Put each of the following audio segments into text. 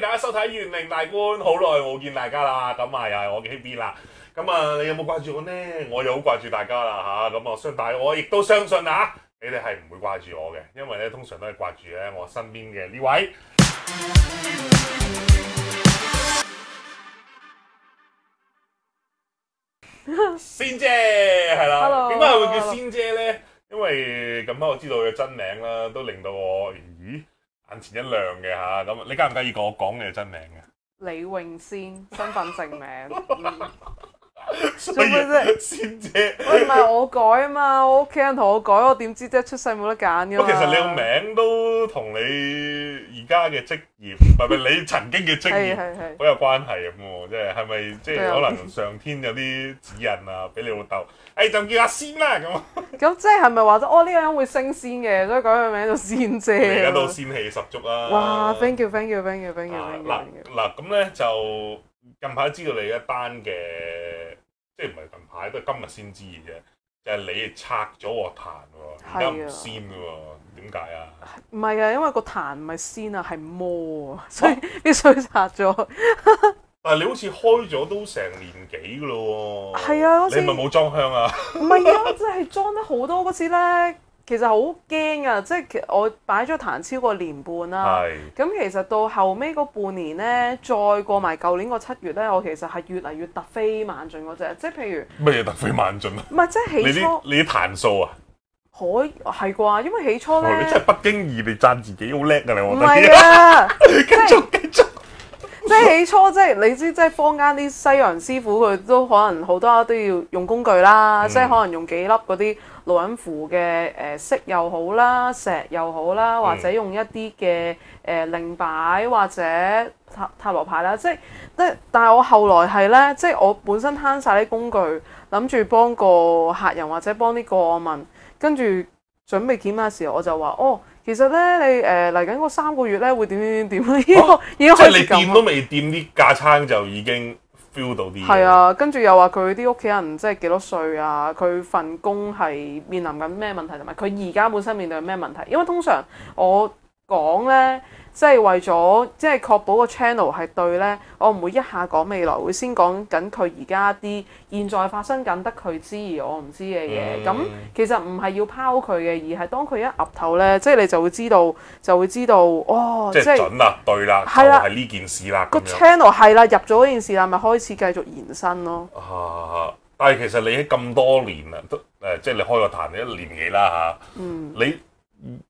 大家收睇《玄靈大觀》，好耐冇見大家啦，咁啊又係我嘅 KB 啦，咁啊你有冇掛住我呢？我又好掛住大家啦嚇，咁啊相信大家我亦都相信啊，你哋係唔會掛住我嘅，因為咧通常都係掛住咧我身邊嘅呢位 仙姐，係啦，點解 Hello, 會叫仙姐呢？hello. 因為咁啊我知道佢嘅真名啦，都令到我咦？眼前一亮嘅吓，咁你介唔介意同我講你嘅真名嘅？李穎仙身份證名。 做咩啫？仙 先姐，喂， 唔係我改啊嘛，我屋企人同我改，我點知即啫？出世冇得揀噶 其實你個名都同你而家嘅職業，係咪 你曾經嘅職業好 有關係咁？即係係咪即係可能上天有啲指引啊？俾你老豆，哎就叫阿仙啦咁。咁 即係係咪話咗？哦呢、這個人會升仙嘅，所以改個名做仙姐。而家都仙氣十足啦、啊。哇！thank you thank you thank you thank you thank you 嗱嗱咁咧就。近排知道你一單嘅，即係唔係近排，都係今日先知嘅啫。就係、是、你拆咗我壇，而家唔鮮噶喎，點解啊？唔係啊，因為個壇唔係鮮啊，係魔，所以啲水拆咗。但係你好似開咗都成年幾噶咯？係啊，你係咪冇裝香啊？唔係啊，真係裝得好多嗰次咧。其實好驚啊！即係其實我擺咗彈超過年半啦，咁是其實到後尾嗰半年咧，再過埋舊年個七月咧，我其實係越嚟越突飛猛進嗰隻。即係譬如咩嘢突飛猛進啊？唔係即係起初你啲彈數啊，可係啩？因為起初呢你真係不經意地讚自己好叻㗎！你唔係啊？繼續繼續。即係起初，即係你知，即係坊間啲西洋師傅佢都可能好多都要用工具啦，嗯、即係可能用幾粒嗰啲羅恩符嘅誒、呃、色又好啦、石又好啦，或者用一啲嘅誒靈擺或者塔塔羅牌啦。即係即但係我後來係咧，即係我本身慳晒啲工具，諗住幫個客人或者幫啲個,個案問，跟住準備檢嘅時候，我就話哦。其實咧，你誒嚟緊嗰三個月咧，會點點點點咧，已經、啊、已經開始即係你掂都未掂啲架撐，就已經 feel 到啲嘢。係啊，跟住又話佢啲屋企人即係幾多歲啊？佢份工係面臨緊咩問題，同埋佢而家本身面對咩問題？因為通常我，講呢，即係為咗，即係確保個 channel 係對呢。我唔會一下講未來，會先講緊佢而家啲現在發生緊得佢知而我唔知嘅嘢。咁，嗯，其實唔係要拋佢嘅，而係當佢一岌頭呢，即係你就會知道，就會知道哦，即係準啦，就係，對啦，就係呢件事啦。個 channel 係啦，入咗嗰件事啦，咪開始繼續延伸咯。啊，但係其實你喺咁多年啦，都即係你開個壇一年幾啦嚇。你。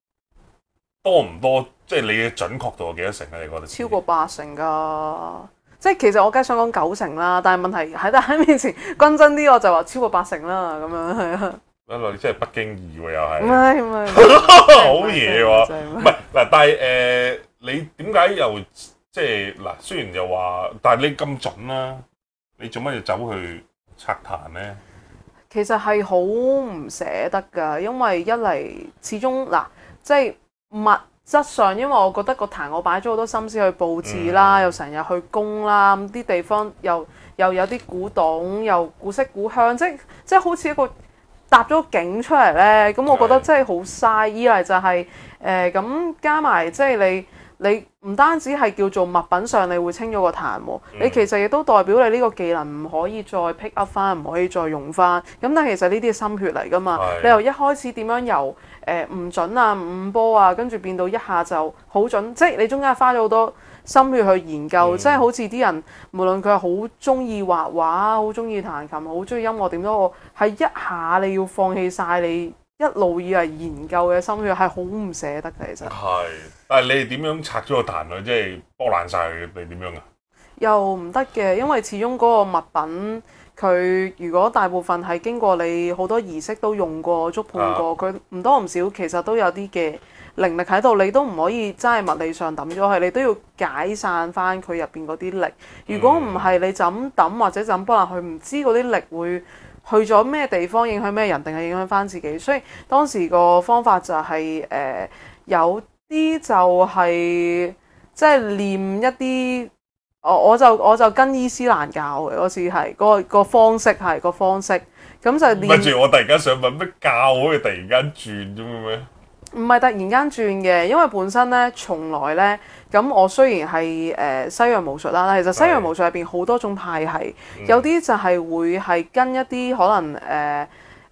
多唔多？即係你嘅準確度有幾多成啊？你覺得超過八成噶，即係其實我梗係想講九成啦。但係問題喺大家面前，均真啲，我就話超過八成啦。咁樣係啊，你真即係不經意喎、啊，又係唔係唔係好嘢喎？唔係嗱，但係誒、呃，你點解又即係嗱？雖然又話，但係你咁準啦，你做乜要走去拆壇咧？其實係好唔捨得噶，因為一嚟始終嗱，即係。物質上，因為我覺得個壇我擺咗好多心思去布置啦，嗯、又成日去供啦，咁啲地方又又有啲古董，又古色古香，即係即係好似一個搭咗景出嚟呢。咁我覺得真係好嘥。依嚟是的 就係、是、誒、咁、呃、加埋即係你你唔單止係叫做物品上你會清咗個壇，嗯、你其實亦都代表你呢個技能唔可以再 pick up 翻，唔可以再用翻。咁但係其實呢啲係心血嚟噶嘛，是的 你由一開始點樣由？誒唔、呃、準啊，唔波啊，跟住變到一下就好準，即係你中間花咗好多心血去研究，嗯、即係好似啲人無論佢係好中意畫畫，好中意彈琴，好中意音樂點都好，係一下你要放棄晒你一路以來研究嘅心血，係好唔捨得嘅其實。係，但係你哋點樣拆咗個彈佢？即係波爛晒佢你點樣啊？又唔得嘅，因為始終嗰個物品。佢如果大部分係經過你好多儀式都用過觸碰過，佢唔多唔少其實都有啲嘅靈力喺度，你都唔可以真係物理上抌咗佢，你都要解散翻佢入邊嗰啲力。如果唔係你怎抌或者怎不落佢，唔知嗰啲力會去咗咩地方，影響咩人，定係影響翻自己。所以當時個方法就係、是、誒、呃，有啲就係、是、即係念一啲。哦，我就我就跟伊斯蘭教嘅，嗰次係、那個個方式係個方式，咁、那個、就跟住我突然間想問乜教，好似突然間轉咁嘅咩？唔係突然間轉嘅，因為本身咧從來咧咁，我雖然係誒、呃、西洋巫術啦，但其實西洋巫術入邊好多種派系，的有啲就係會係跟一啲可能誒。呃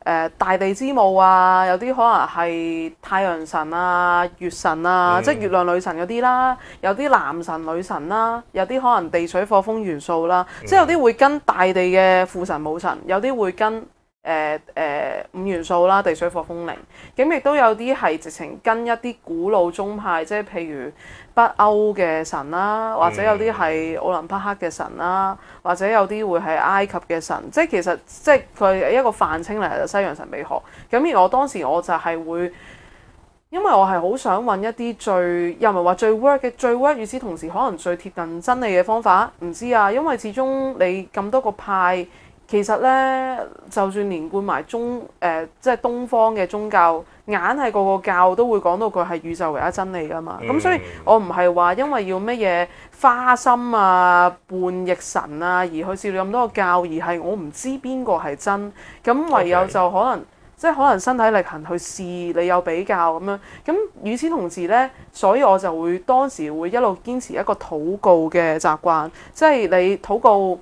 呃、大地之母啊，有啲可能係太陽神啊、月神啊，嗯、即係月亮女神嗰啲啦，有啲男神女神啦、啊，有啲可能地水火風元素啦、啊，嗯、即係有啲會跟大地嘅父神母神，有啲會跟。誒誒、呃呃，五元素啦，地水火風靈，咁亦都有啲係直情跟一啲古老宗派，即係譬如北歐嘅神啦，或者有啲係奧林匹克嘅神啦，或者有啲會係埃及嘅神，即係其實即係佢係一個泛稱嚟嘅西洋神秘學。咁而我當時我就係會，因為我係好想揾一啲最又唔係話最 work 嘅，最 work 與此同時可能最貼近真理嘅方法，唔知啊，因為始終你咁多個派。其實咧，就算連貫埋中誒、呃，即係東方嘅宗教，硬係個個教都會講到佢係宇宙唯一真理㗎嘛。咁、嗯、所以，我唔係話因為要乜嘢花心啊、叛逆神啊，而去試咁多個教，而係我唔知邊個係真。咁唯有就可能，Okay. 即係可能身體力行去試，你有比較咁樣。咁與此同時咧，所以我就會當時會一路堅持一個禱告嘅習慣，即係你禱告。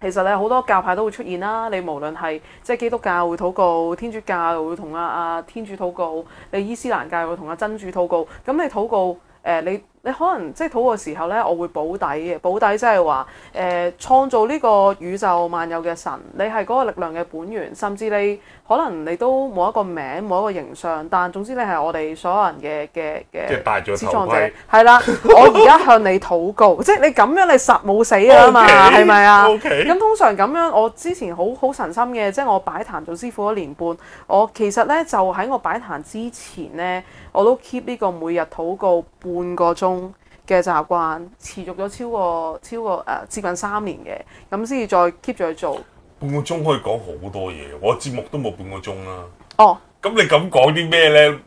其實你好多教派都會出現啦，你無論係即係基督教會禱告，天主教會同阿阿天主禱告，你伊斯蘭教會同阿真主禱告，咁你禱告誒、呃、你。你可能即係禱告時候呢，我會保底嘅。保底即係話，誒、呃、創造呢個宇宙萬有嘅神，你係嗰個力量嘅本源，甚至你可能你都冇一個名，冇一個形象，但總之你係我哋所有人嘅嘅嘅，即係戴著頭盔。造物者，係啦，我而家向你禱告， 即係你咁樣你實冇死啊嘛，係咪 Okay? 啊？咁 Okay? 通常咁樣，我之前好好神心嘅，即係我擺壇做師傅一年半，我其實呢，就喺我擺壇之前呢。我都 keep 呢個每日禱告半個鐘嘅習慣，持續咗超過超過誒、呃、接近三年嘅，咁先至再 keep 住去做。半個鐘可以講好多嘢，我節目都冇半個鐘啦。哦，咁你咁講啲咩咧？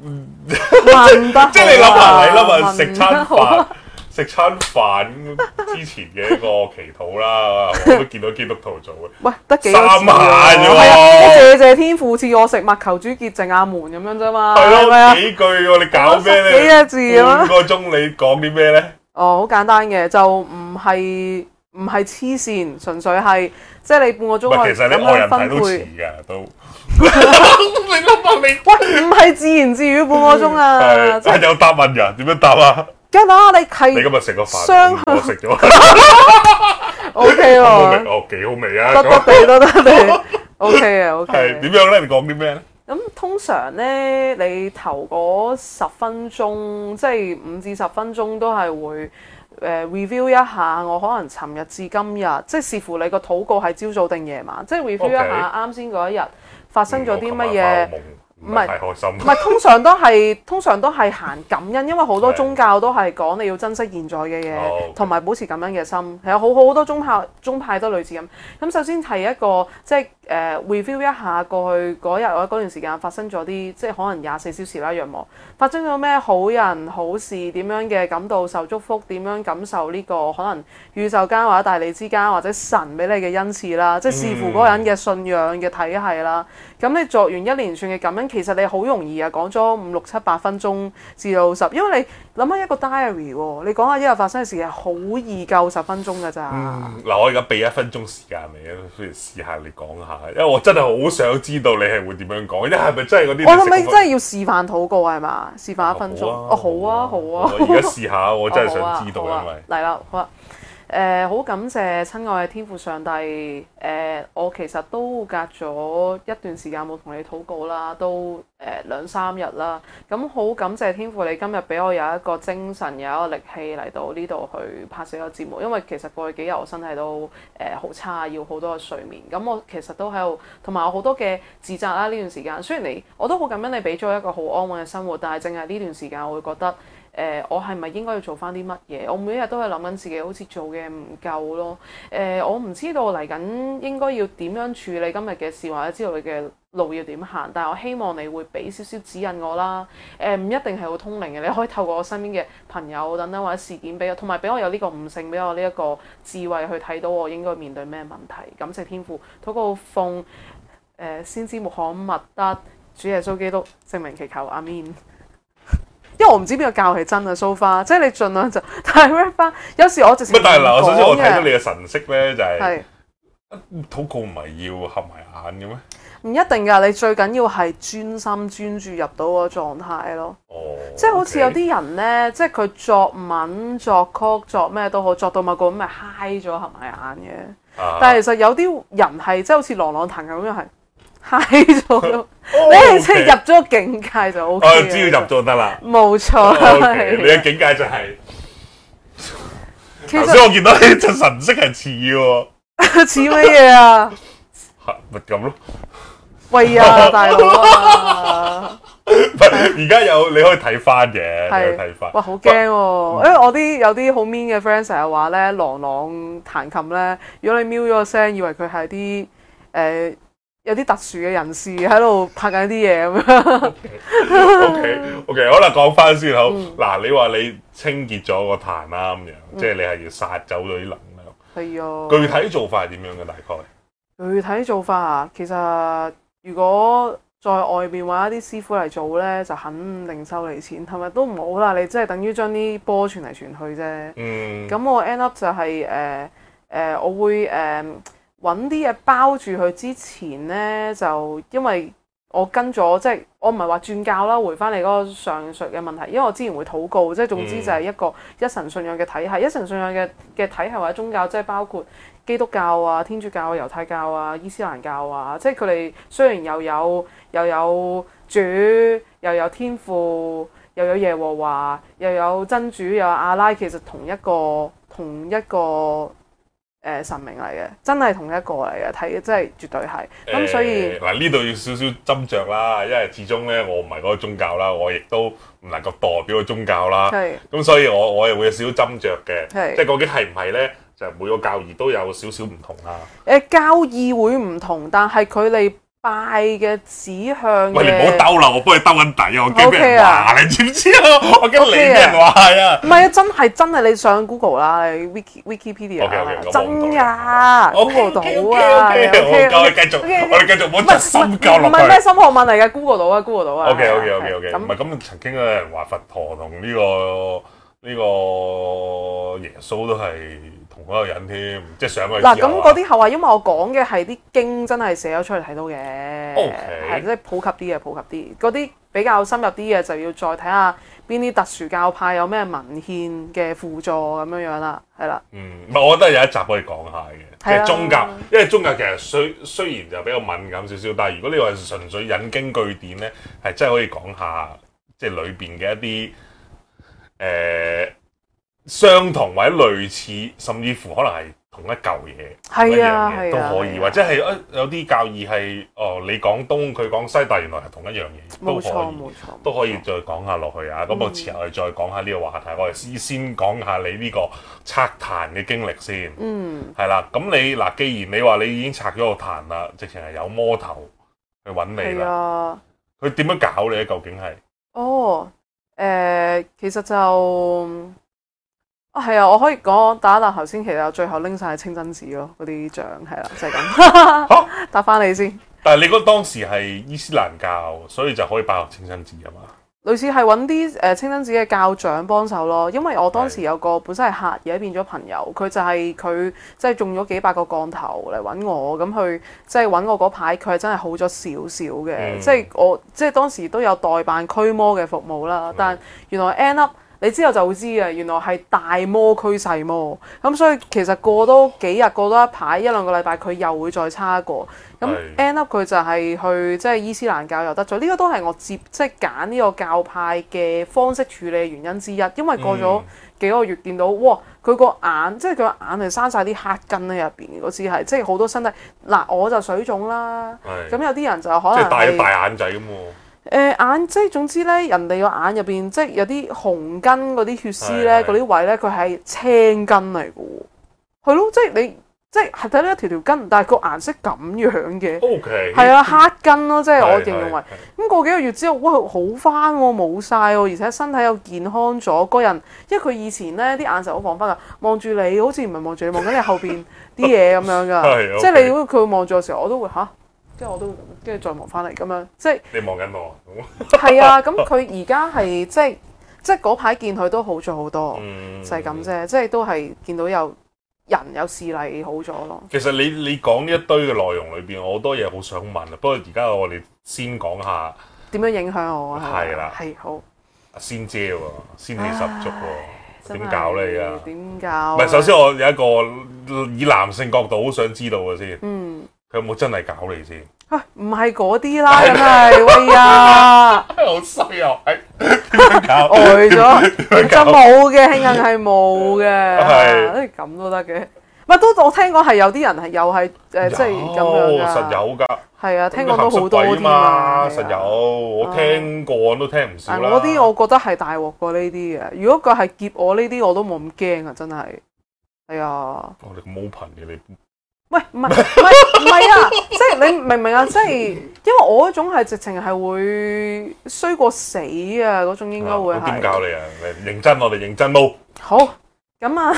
得、啊， 即係你諗下，係啦嘛，食餐、啊、飯。食餐飯之前嘅一個祈禱啦，我都見到基督徒做嘅。喂，得三幾下啫喎。你謝謝天父賜我食物，求主潔淨阿門咁樣啫嘛。係咯，幾句喎？你搞咩咧？幾個字啊？半個鐘你講啲咩咧？哦，好簡單嘅，就唔係唔係黐線，純粹係即係你半個鐘我點樣分配？其實你外人睇都似㗎都。明白未？喂，唔係自言自語半個鐘啊！係有答問㗎？點樣答啊？你梗啦，你係雙殼，相我食咗。O K 喎，幾好味啊！多得你，多得你。O K 啊，O K。點樣咧？你講啲咩咧？咁通常咧，你頭嗰十分鐘，即係五至十分鐘，都係會誒 review 一下。我可能尋日至今日，即係視乎你個禱告係朝早定夜晚。即係 review 一下啱先嗰一日發生咗啲乜嘢。Okay 嗯唔係，唔係通常都係，通常都係行感恩，因為好多宗教都係講你要珍惜現在嘅嘢，同埋 Okay. 保持感恩嘅心。係啊，好好多宗教宗派都類似咁。咁首先係一個即係誒、uh, review 一下過去嗰日或嗰段時間發生咗啲，即係可能廿四小時啦，若無發生咗咩好人好事，點樣嘅感到受祝福，點樣感受呢、這個可能宇宙間或者大理之間或者神俾你嘅恩賜啦，即係視乎嗰個人嘅信仰嘅體系啦。Mm. 咁你作完一連串嘅感恩，其實你好容易啊，講咗五六七八分鐘至到十，因為你諗下一個 diary 喎，你講下一日發生嘅事情，好易夠十分鐘㗎咋。嗱、嗯，我而家畀一分鐘時間你啊，不如試下你講下，因為我真係好想知道你係會點樣講，因為係咪真係嗰啲？我係咪真係要示範禱告係嘛？示範一分鐘。哦、啊，好啊，好啊。我而家試下，我真係想知道啊，因為嚟啦，好啊。誒好、呃、感謝親愛嘅天父上帝，誒、呃、我其實都隔咗一段時間冇同你禱告啦，都誒兩、呃、三日啦。咁好感謝天父，你今日俾我有一個精神，有一個力氣嚟到呢度去拍攝個節目。因為其實過去幾日我身體都誒好、呃、差，要好多嘅睡眠。咁我其實都喺度，同埋我好多嘅自責啦。呢段時間雖然你我都好感恩你俾咗一個好安穩嘅生活，但係正係呢段時間，我會覺得。誒、呃，我係咪應該要做翻啲乜嘢？我每一日都係諗緊自己，好似做嘅唔夠咯。誒、呃，我唔知道嚟緊應該要點樣處理今日嘅事，或者知道你嘅路要點行。但係我希望你會俾少少指引我啦。誒、呃，唔一定係好通靈嘅，你可以透過我身邊嘅朋友等等，或者事件俾我，同埋俾我有呢個悟性，俾我呢一個智慧去睇到我應該面對咩問題。感謝天父，透過奉誒、呃、先知穆罕默德主耶穌基督證明，祈求阿 m 因為我唔知邊個教係真啊，so far，即係你盡量就，但係 rap 翻，有時我直接係，但係嗱，我想我睇到你嘅神色咧、就是，就係是，禱告唔係要合埋眼嘅咩？唔一定噶，你最緊要係專心專注入到個狀態咯。哦，即係好似有啲人咧，Okay. 即係佢作文作曲作咩都好，作到某個咁咪嗨咗合埋眼嘅。啊、但係其實有啲人係即係好似朗朗、彈咁樣係。嗨咗咯， 你即係入咗境界就 O K 啦。哦，oh，只要入咗得啦。冇錯，你嘅境界就係、是。頭 先實我見到你隻神色係似喎，似乜嘢啊？係咪咁咯？喂呀，大佬而家有你可以睇翻嘅，睇翻是 哇好驚、啊、因誒，我啲有啲好 mean 嘅 friend 成日話咧，郎朗彈琴咧，如果你喵咗個聲，以為佢係啲誒。呃呃有啲特殊嘅人士喺度拍緊啲嘢咁樣。OK OK，好啦，講翻先好。嗱，你話你清潔咗個壇啦咁樣，即係你係要殺走咗啲能量。係啊。具體做法係點樣嘅？大概？具體做法啊，其實如果在外邊揾一啲師傅嚟做咧，就肯定收你錢，係咪都唔好啦？你即係等於將啲波傳嚟傳去啫。嗯。咁我 end up 就係誒誒，我會誒。揾啲嘢包住佢之前呢，就因為我跟咗，即係我唔係話轉教啦，回翻你嗰個上述嘅問題，因為我之前會禱告，即係總之就係一個一神信仰嘅體系，一神信仰嘅嘅體系或者宗教，即係包括基督教啊、天主教啊、猶太教啊、伊斯蘭教啊，即係佢哋雖然又有又有主，又有天父，又有耶和華，又有真主，又有阿拉，其實同一個同一個。誒神明嚟嘅，真係同一個嚟嘅，睇嘅真係絕對係。咁、欸嗯、所以嗱呢度要少少斟酌啦，因為始終咧我唔係嗰個宗教啦，我亦都唔能夠代表個宗教啦。係是。咁、嗯、所以我我又會有少少斟酌嘅。係是。即係究竟係唔係咧？就每個教義都有少少唔同啦、啊。誒、欸、教義會唔同，但係佢哋。拜嘅指向，喂你唔好兜啦，我幫你兜緊底啊，我驚咩人話你，知唔知啊？我驚你咩人話啊？唔係啊，真係真係你上 Google 啦，你 Wiki Wikipedia 啊，真呀，Google 到啊，OK，我哋繼續，我哋繼續，唔係唔係咩深學問嚟嘅，Google 到啊，Google 到啊。OK OK OK OK，唔係咁，曾經有人話佛陀同呢個呢個耶穌都係。同嗰個人添，即係上去，啊。嗱咁嗰啲後話，因為我講嘅係啲經真，真係寫咗出嚟睇到嘅。O K，係即係普及啲嘅，普及啲。嗰啲比較深入啲嘅，就要再睇下邊啲特殊教派有咩文獻嘅輔助咁樣樣啦，係啦。嗯，唔係，我覺得有一集可以講下嘅，即係宗教。的因為宗教其實雖雖然就比較敏感少少，但係如果你話純粹引經據典咧，係真係可以講下即係裏邊嘅一啲誒。呃相同或者類似，甚至乎可能係同一嚿嘢，一樣嘢都可以，或者係一有啲教義係哦，你講東佢講西，但原來係同一樣嘢，冇錯冇錯，都可以再講下落去啊！咁我遲後再講下呢個話題，我哋先先講下你呢個拆壇嘅經歷先。嗯，係啦，咁你嗱，既然你話你已經拆咗個壇啦，直情係有魔頭去揾你啦，佢點樣搞你咧？究竟係？哦，誒，其實就～啊，係啊，我可以講打一打頭先，其實最後拎晒清真寺咯，嗰啲奬係啦，就係、是、咁。好，啊、答翻你先。但係你嗰當時係伊斯蘭教，所以就可以拜下清真寺啊嘛。類似係揾啲誒清真寺嘅教長幫手咯，因為我當時有個本身係客而變咗朋友，佢就係佢即係中咗幾百個降頭嚟揾我，咁去、嗯、即係揾我嗰排佢係真係好咗少少嘅，即係我即係當時都有代辦驅魔嘅服務啦。但原來 end up。你之後就會知啊，原來係大魔趨勢魔。咁所以其實過多幾日，過多一排一兩個禮拜，佢又會再差過。咁 end up 佢就係去即係伊斯蘭教又得咗，呢、呢個都係我接即係揀呢個教派嘅方式處理原因之一。因為過咗幾個月，見到、嗯、哇，佢個眼即係佢個眼係生晒啲黑筋喺入邊，嗰支係即係好多身體。嗱我就水腫啦，咁是 有啲人就可能戴大，大眼仔咁喎。誒、呃，眼即係總之咧，人哋個眼入邊即係有啲紅筋嗰啲血絲咧，嗰啲位咧，佢係青筋嚟嘅，係咯，即係你即係睇到一條條筋，但係的個顏色咁樣嘅，OK，係啊，黑筋咯，即係我形容為。咁過幾個月之後，哇，好返、哦，冇晒，而且身體又健康咗，個人，因為佢以前咧啲眼神好恍惚噶，望住你好似唔係望住你，望緊你，你後邊啲嘢咁樣噶，即係你如果佢望住我嘅時候，我都會吓。啊跟住我都跟住再望翻嚟，咁樣，即係你望緊我，係 啊，咁佢而家係即係即係嗰排見佢都好咗好多，嗯、就係咁啫，即係都係見到有人有事例好咗咯。其實你你講呢一堆嘅內容裏邊，我好多嘢，好想問啊。不過而家我哋先講下點樣影響我啊？係啦，係吧好，仙姐喎，仙氣十足喎，點搞你啊？點搞？唔係，首先我有一個以男性角度好想知道嘅先。嗯有冇真係搞你先？唔係嗰啲啦，梗係，喂呀！好衰啊，哎，外咗就冇嘅，慶幸係冇嘅，係，咁都得嘅。唔都我聽過係有啲人係又係誒，即係咁樣㗎。實有㗎。係啊，聽過都好多啲嘛，實有。我聽過都聽唔少啦。啲、嗯嗯、我覺得係大鑊過呢啲嘅。如果佢係劫我呢啲，我都冇咁驚啊！真係係啊。我哋冇頻嘅你。喂，唔係唔係唔係啊！即係你明唔明啊？即係因為我嗰種係直情係會衰過死啊！嗰種應該會係點教你啊？嚟認真，我哋認真咯。好咁啊，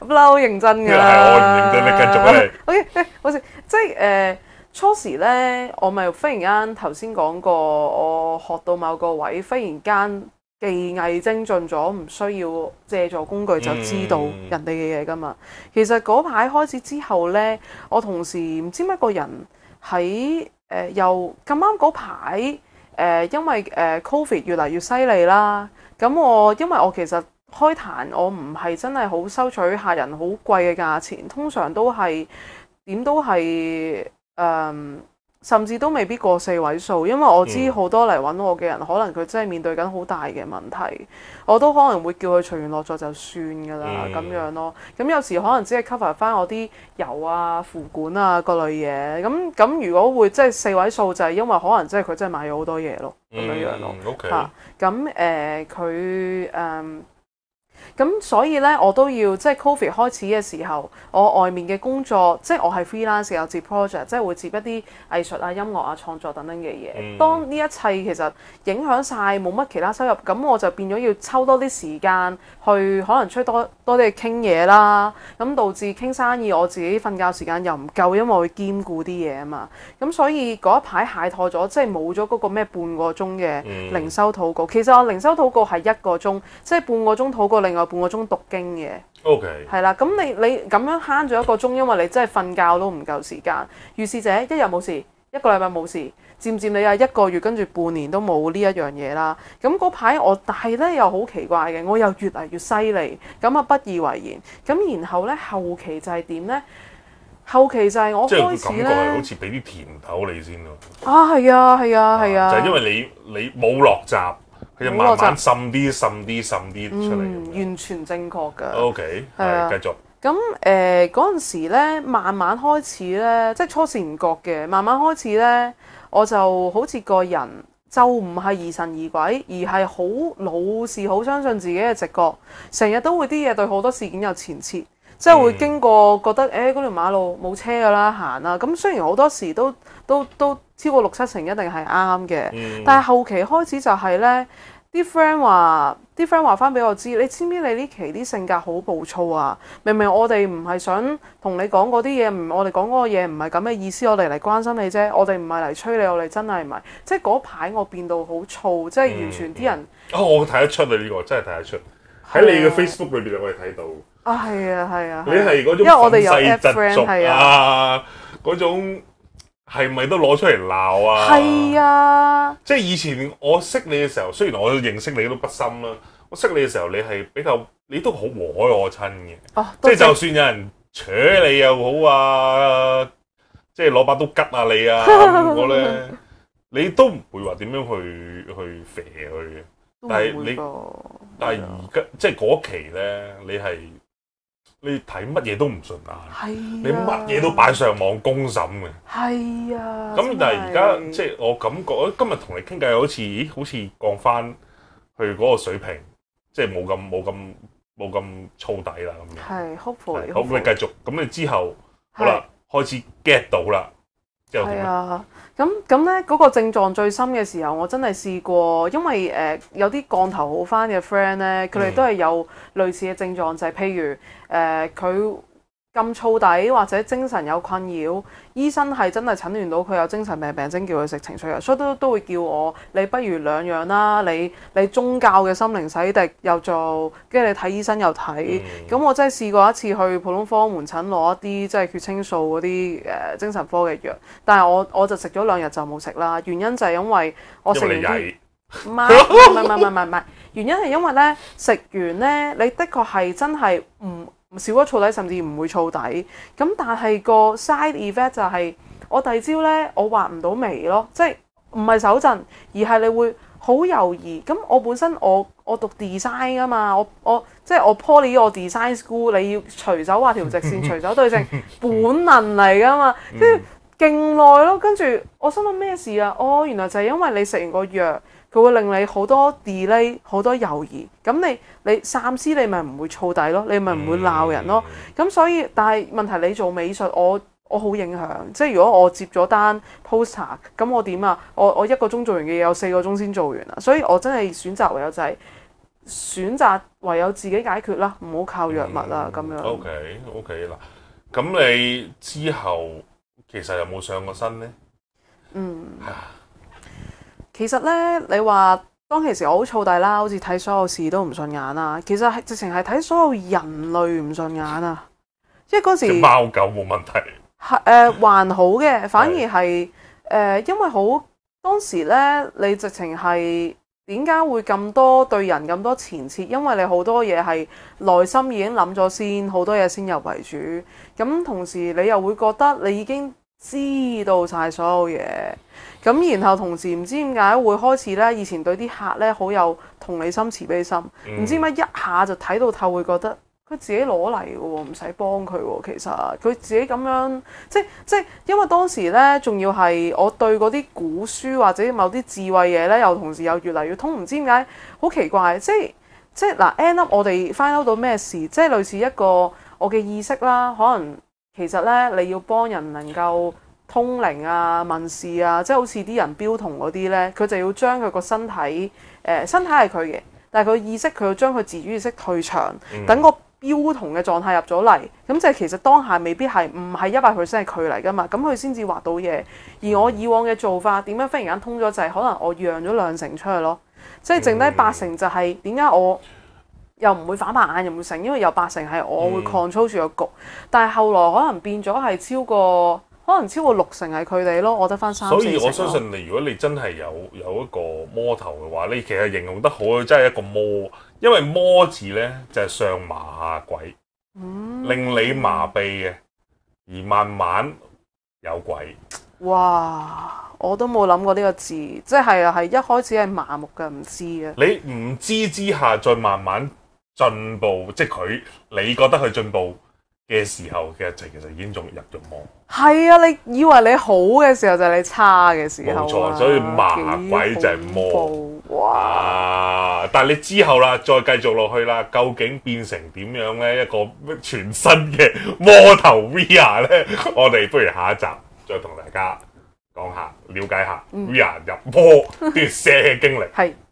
不嬲認真嘅。呢個係我唔認真，你繼續啊你。OK，誒，好似，即係誒初時咧，我咪忽然間頭先講過，我學到某個位，忽然間。技藝精進咗，唔需要借助工具就知道人哋嘅嘢㗎嘛。其實嗰排開始之後呢，我同時唔知乜個人喺誒、呃、又咁啱嗰排誒，因為誒 Covid 越嚟越犀利啦。咁我因為我其實開壇，我唔係真係好收取客人好貴嘅價錢，通常都係點都係誒。呃甚至都未必過四位數，因為我知好多嚟揾我嘅人，嗯、可能佢真係面對緊好大嘅問題，我都可能會叫佢隨緣落座就算㗎啦，嗯、咁樣咯。咁有時可能只係 cover 翻我啲油啊、扶管啊各類嘢。咁咁如果會即係四位數，就係因為可能即係佢真係買咗好多嘢咯，咁樣樣咯。OK。咁誒，佢嗯。樣 okay. 咁所以咧，我都要即係 Covid 開始嘅時候，我外面嘅工作即係我係 freelance 又接 project，即係會接一啲藝術啊、音樂啊、創作等等嘅嘢。嗯、當呢一切其實影響晒冇乜其他收入，咁我就變咗要抽多啲時間去可能出多多啲去傾嘢啦。咁導致傾生意，我自己瞓覺時間又唔夠，因為我會兼顧啲嘢啊嘛。咁所以嗰一排懈怠咗，即係冇咗嗰個咩半個鐘嘅靈修禱告。嗯、其實我靈修禱告係一個鐘，即係半個鐘禱告。另外半個鐘讀經嘅，OK，係啦。咁你你咁樣慳咗一個鐘，因為你真係瞓覺都唔夠時間。如是者一日冇事，一個禮拜冇事，漸漸你啊一個月跟住半年都冇呢一樣嘢啦。咁嗰排我但係咧又好奇怪嘅，我又越嚟越犀利，咁啊不以為然。咁然後呢，後期就係點呢？後期就係我開始咧，好似俾啲甜頭你先咯。啊係啊係啊係啊，啊，啊，啊，就係，因為你你冇落閘。佢就慢慢滲啲滲啲滲啲出嚟。嗯，完全正確㗎。OK，係繼續。咁誒嗰陣時咧，慢慢開始咧，即係初時唔覺嘅。慢慢開始咧，我就好似個人就唔係疑神疑鬼，而係好老是好相信自己嘅直覺，成日都會啲嘢對好多事件有前設。即係會經過覺得，誒嗰、嗯欸、條馬路冇車噶啦，行啦。咁雖然好多時都都都超過六七成，一定係啱嘅。嗯、但係後期開始就係呢啲 friend 話，啲 friend 話翻俾我知，你知唔知你呢期啲性格好暴躁啊？明明我哋唔係想同你講嗰啲嘢，唔，我哋講嗰個嘢唔係咁嘅意思，我哋嚟關心你啫，我哋唔係嚟催你，我哋真係唔係。即係嗰排我變到好燥，嗯、即係完全啲人、嗯嗯。哦，我睇得出你呢、呢個真係睇得出，喺你嘅 Facebook 裏邊我係睇到。啊，係啊，係啊！你係嗰種因為我哋有 friend 啊，嗰種係咪都攞出嚟鬧啊？係啊！即係以前我識你嘅時候，雖然我認識你都不深啦，我識你嘅時候你，你係比較你都好和藹我親嘅。即係、啊、就算有人扯你又好啊，即係攞把刀吉下你啊， 樣我樣咧，你都唔會話點樣去去蛇去嘅。但係你，啊、但係而家即係嗰期咧，你係。你你睇乜嘢都唔順眼！係啊，你乜嘢都擺上網公審嘅。係啊。咁但係而家即係我感覺，今日同你傾偈好似，咦好似降翻去嗰個水平，即係冇咁冇咁冇咁燥底啦咁樣。係，hopefully。好，你 hopefully. 繼續。咁你之後好啦，是開始 get 到啦，之後點？咁咁咧，嗰，那個症狀最深嘅時候，我真係試過，因為誒，呃、有啲降頭好返嘅 friend 咧，佢哋都係有類似嘅症狀，就係，是，譬如誒佢。呃咁燥底或者精神有困擾，醫生係真係診斷到佢有精神病病徵，叫佢食情緒藥，所以都都會叫我你不如兩樣啦，你你宗教嘅心靈洗滌又做，跟住你睇醫生又睇，咁、嗯、我真係試過一次去普通科門診攞一啲即係血清素嗰啲誒精神科嘅藥，但係我我就食咗兩日就冇食啦，原因就係因為我食完唔係唔係唔係唔係，原因係因為呢，食完呢，你的確係真係唔。少咗燥底，甚至唔會燥底。咁但係個 side effect 就係、是、我第二朝呢，我畫唔到眉咯，即係唔係手震，而係你會好猶豫。咁我本身我我讀 design 噶嘛，我我即係我 Poly 我 design school，你要隨手畫條直線，隨手， 隨手對正，本能嚟噶嘛，跟住勁耐咯。跟住我心諗咩事啊？哦，原來就係因為你食完個藥。佢會令你好多 delay，好多猶豫。咁你你三思，你咪唔會燥底咯，你咪唔會鬧人咯。咁、嗯、所以，但係問題你做美術，我我好影響。即係如果我接咗單 poster，咁我點啊？我我一個鐘做完嘅嘢，有四個鐘先做完啊！所以我真係選擇唯有就係選擇唯有自己解決啦，唔好靠藥物啊咁、嗯、樣。O K O K 嗱，咁你之後其實有冇上過身呢？嗯。寒冷涼其實呢，你話當其時我好燥底啦，好似睇所有事都唔順眼啊。其實係直情係睇所有人類唔順眼啊。即係嗰時貓狗冇問題。係誒、呃，還好嘅，反而係誒、呃，因為好當時呢，你直情係點解會咁多對人咁多前設？因為你好多嘢，係內心已經諗咗先，好多嘢先入為主。咁同時你又會覺得你已經知道晒所有嘢。咁然後同時唔知點解會開始咧，以前對啲客咧，好有同理心、慈悲心，唔、嗯、知點解一下就睇到透，會覺得佢自己攞嚟嘅喎，唔使幫佢喎。其實佢自己咁樣，即即因為當時咧，仲要係我對嗰啲古書或者某啲智慧嘢咧，又同時又越嚟越通，唔知點解好奇怪。即即嗱，end up 我哋 find out 到咩事？即類似一個我嘅意識啦，可能其實咧，你要幫人能夠。通靈啊、問事啊，即係好似啲人標童嗰啲呢，佢就要將佢個身體，誒、呃、身體係佢嘅，但係佢意識佢要將佢自主意識退場，等、嗯、個標童嘅狀態入咗嚟，咁就其實當下未必係唔係100%係佢嚟㗎嘛，咁佢先至畫到嘢。而我以往嘅做法點樣忽然間通咗就係、是、可能我讓咗兩成出去咯，即係剩低八成就係點解我又唔會反白眼又唔會成，因為有八成係我、嗯、會 control 住個局，但係後來可能變咗係超過。可能超過六成係佢哋咯，我得翻三四成。所以我相信你，如果你真係有有一個魔頭嘅話咧，你其實形容得好，真係一個魔。因為魔字呢，就係、是、上麻下鬼，嗯、令你麻痹嘅，而慢慢有鬼。哇！我都冇諗過呢個字，即係係一開始係麻木嘅，唔知嘅。你唔知之下，再慢慢進步，即係佢，你覺得佢進步嘅時候嘅劇情其實已經仲入咗魔係啊！你以為你好嘅時候就係你差嘅時候，冇錯。所以麻鬼就係魔哇！啊、但係你之後啦，再繼續落去啦，究竟變成點樣咧？一個全新嘅魔頭 Ria 咧，我哋不如下一集再同大家講下，了解下 Ria 入魔奪舍嘅經歷係。